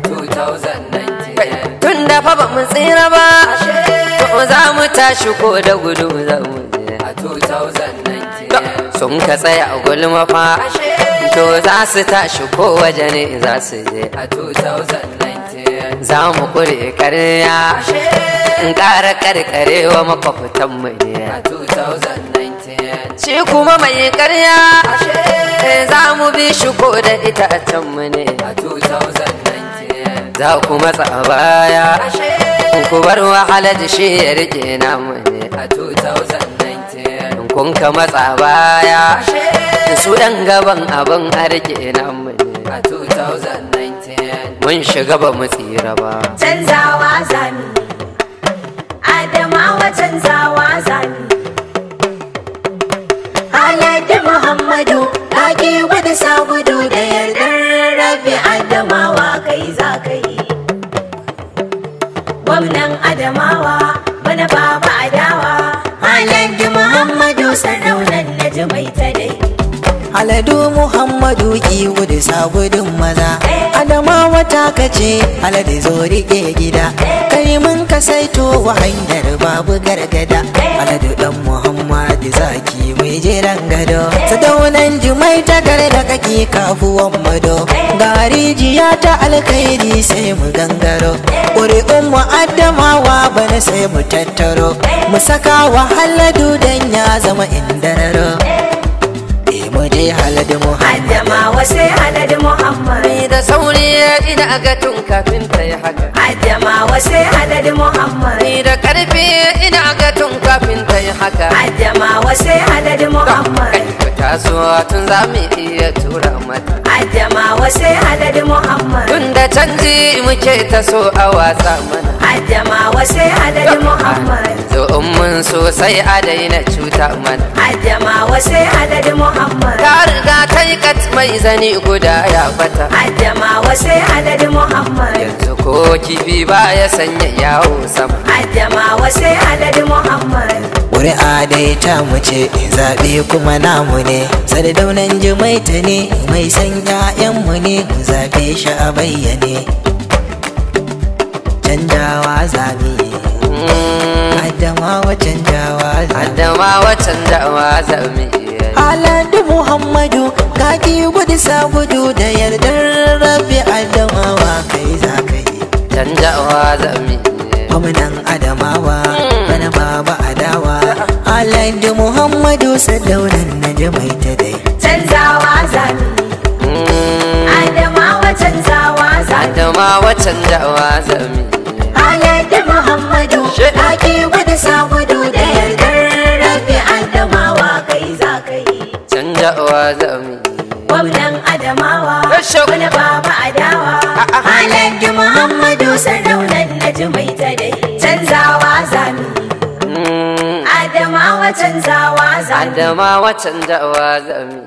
tun fa ba mu tsira ba to za mu tashi ko da gudu za mu sun ka tsaya a gulma fa to za su tashi ko waje ne za su je za mu kure karya in ƙara karkare wa mu ne shi kuma mai karya eh, za mu bi shi ko da ita a can mu ne za ku matsa a baya ku bar wahalar shi ya rike namu ne a 2019 kun ka matsa a baya su ɗan gaban abin a rike namu ne a 2019 mun shiga ba mu tsira ba canzawa zami adamawa canzawa fim nan adamawa bana baba adawa haladu muhammadu sarraunan na jamaita dai haladu muhammadu ki gudu sa gudun maza hey. Eh. zama wata kace alade zo rike gida kai mun ka saito wa hanyar babu gargada alade dan muhammadu zaki mai jiran gado sadaunan jumai ta gare da kake kafuwan mado garijiya ta alkhairi sai mu gangaro ƙuri'un mu addamawa bana sai mu tattaro mu saka wa haladu dan ya zama indararo adadi Muhammad Adama sai adadi Muhammad Ni da sauri ya ina ga tun kafin ta yi haka Adama sai adadi Muhammad Ni da karfi ina ga tun kafin ta yi haka Adama sai adadi Muhammad a tun za mu iya tura mata Adama sai adadi Muhammad Tun da canji muke ta so a wasa mana Adama sai adadi Muhammad Sosai so sai a cuta mana ajama sai adadi muhammad ka riga kai kat mai zani guda ya fata ajama sai adadi muhammad yanzu ko kifi ba ya sanya yawo sama ajama sai adadi muhammad ƙuri'a dai ta muce zaɓe kuma namu ne sardaunan jimaita ne mai san 'ya'yanmu ne zaɓe shi a bayyane ma watan da za mu iya Muhammadu kaki, gudu sa gudu da yardar rabbi adamawa kai za ka yi Tan dama za mu iya Gwamnan adamawa hmm. bana baba adawa Haladu Muhammadu sadaunan na jama'i ta dai Canzawa za mu hmm. Adamawa canzawa za mu Adamawa canzawa za mu Muhammadu ka ki da'awa zami wabdan adamawa wani baba adawa halaggi ah, ah. muhammadu sarraunan na ta dai canzawa zami mm. adamawa canzawa zami adamawa canzawa zami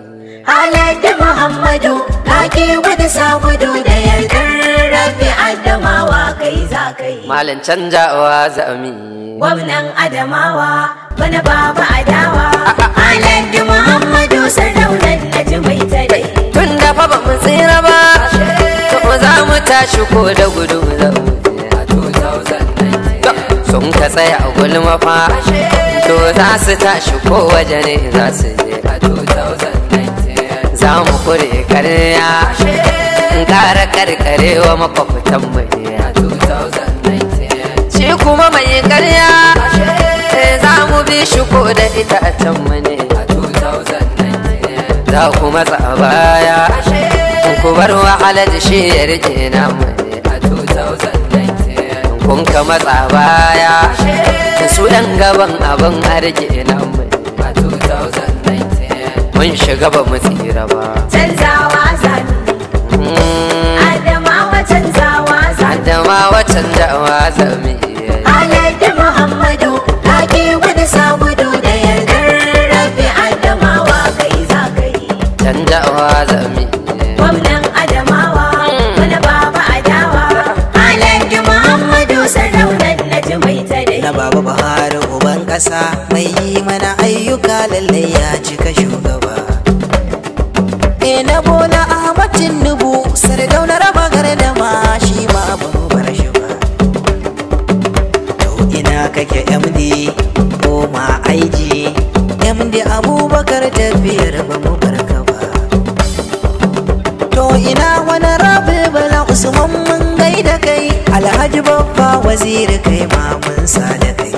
halaggi muhammadu kake wani sabudu da yardar rafi adamawa kai za kai malin canzawa zami gwamnan adamawa wani baba adawa ah, Alhaji Muhammadu Sadaunan Naji mai tare. Tun da fa ba mu tsira ba, to za mu tashi ko da gudu zau mu sun ka tsaya a gulma fa to za su tashi ko waje ne za su je za mu kure karya in kara karkare wa makwabtan mu ne a 2019 shi kuma mai karya yi da ita a can mane za ku matsa a baya ku bar wahala da shi ya rike na mane kun ka matsa a baya su ɗan gaban abin a rike na mane mun shiga ba mu tsira ba canzawa zani mm. adamawa canzawa zami adamawa canzawa zami ƙasa mai yi mana ayyuka lallai ya cika shugaba e na bola ahmad tinubu sardaunar magar da ma shi ma abu bar shi ba to ina kake md ko ma IG md abubakar tafiyar ba mu bar ka ba to ina wani rabi bala usman mun gaida kai alhaji babba waziri kai ma mun sa da kai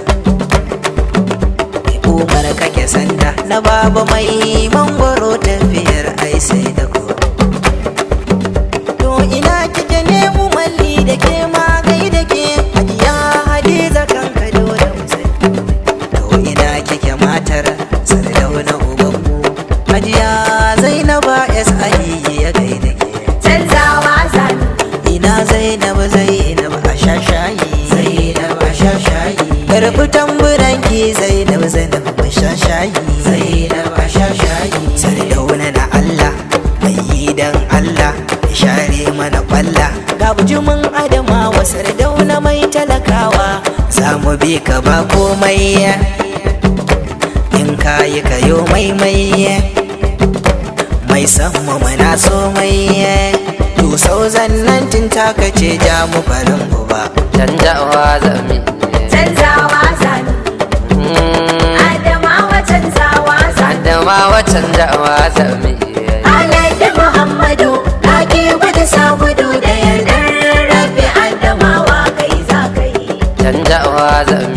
na baba mai mangoro tafiyar ai sai da ku to ina kike ne mu malli da ke ma gai da ke hajiya hadiza kan kado da musai to ina kike matar sardauna uban mu hajiya zainaba s ali ya gai da ke canzawa zan ina zainaba zainaba a shashayi zainab a shashayi karbi tamburanki zainaba zainab a shashayi bi ka ba komai in ka yi ka yo mai mai san mu mana so mai to tun ta kace ja mu farin uba canjawa zami canjawa zami mm. wa canjawa zami wa canjawa zami canjawa zan